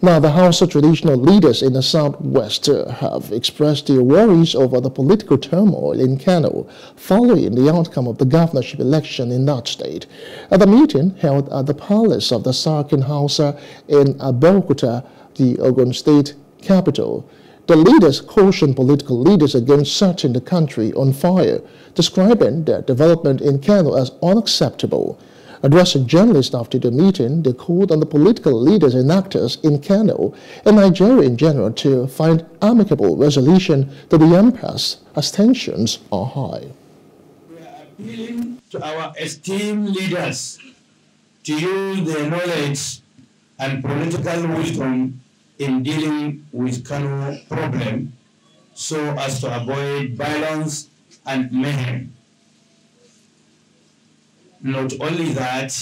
Now, the Hausa traditional leaders in the southwest uh, have expressed their worries over the political turmoil in Kano following the outcome of the governorship election in that state. At the meeting held at the palace of the Sarkin Hausa in Abeokuta, the Ogun state capital, the leaders cautioned political leaders against setting the country on fire, describing the development in Kano as unacceptable. Addressing journalists after the meeting, they called on the political leaders and actors in Kano and Nigeria in general to find amicable resolution to the impasse as tensions are high. We are appealing to our esteemed leaders to use their knowledge and political wisdom in dealing with Kano problem so as to avoid violence and mayhem. Not only that,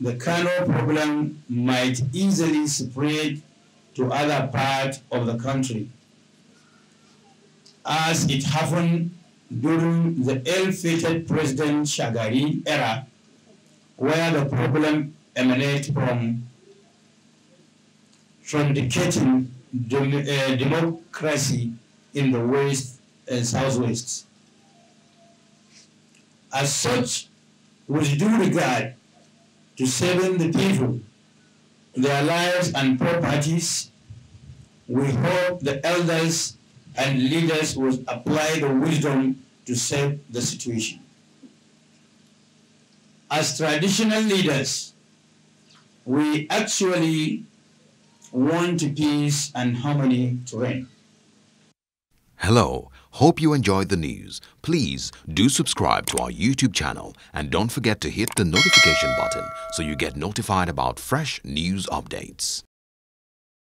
the kernel problem might easily spread to other parts of the country, as it happened during the ill-fated President Shagari era, where the problem emanated from from decaying dem uh, democracy in the West and Southwest. As such, was due regard to saving the people, their lives and properties, we hope the elders and leaders will apply the wisdom to save the situation. As traditional leaders, we actually want peace and harmony to reign. Hello, hope you enjoyed the news. Please do subscribe to our YouTube channel and don't forget to hit the notification button so you get notified about fresh news updates.